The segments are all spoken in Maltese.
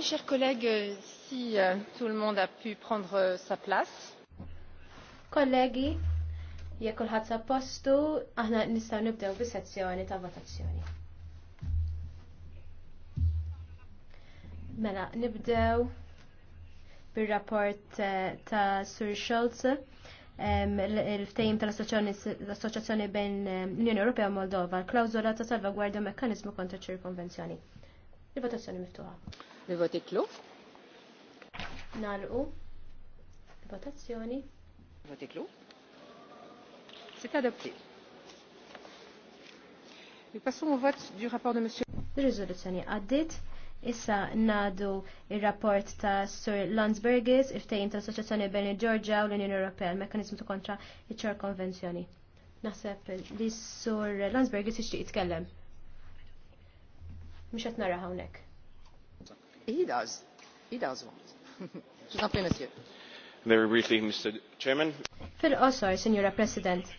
chers collègues, si euh, tout le monde a pu prendre euh, sa place. Kollegi, jekk kulħadd sa postu, aħna nistgħu nibdew bis-sezzjoni ta' votazzjoni. Mela, nibdew bir-rapport eh, ta' Sur Schultz il-ftejim tal-Assoċjazzjoni bejn eh, l-Unjoni Ewropea u Moldova, l-klawżola ta' salvagwardja mekkanizmu kontra ċirkonvenzjoni. Il-votazzjoni miftuħa. il votiklu Nalqu. Il-votazzjoni. il votiklu klu. Sitta adopti. Il-passum vot vote du rapport de monsieur. Il-rizoluzzjoni għaddit. Issa nadu il-rapport ta' Sir Landsbergis iftejn ta' Assoċjazzjoni bejn il-Ġorġa u l-Unjoni Ewropea l-Mekanizmu ta' kontra iċ-ċar konvenzjoni. Naħseb li Sir Landsbergis ixtieq jitkellem mhux qed nara hawnhekk. He does. He does want. famous yet. Very briefly, Mr. Chairman. fil osor, Signora President.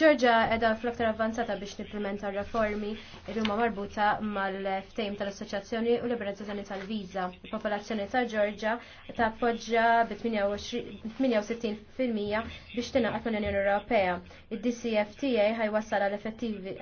Ġorġa edha fl-aktar avanzata biex nipplementa reformi li huma marbuta mal-ftejm tal-Assoċjazzjoni u Liberazzjoni tal-Viża. Il-popolazzjoni ta' Ġorġa tappoġġa bi 68% biex tingħaqad mal-Unjoni Ewropea. Id-DCFTA ħajwassal l effettivi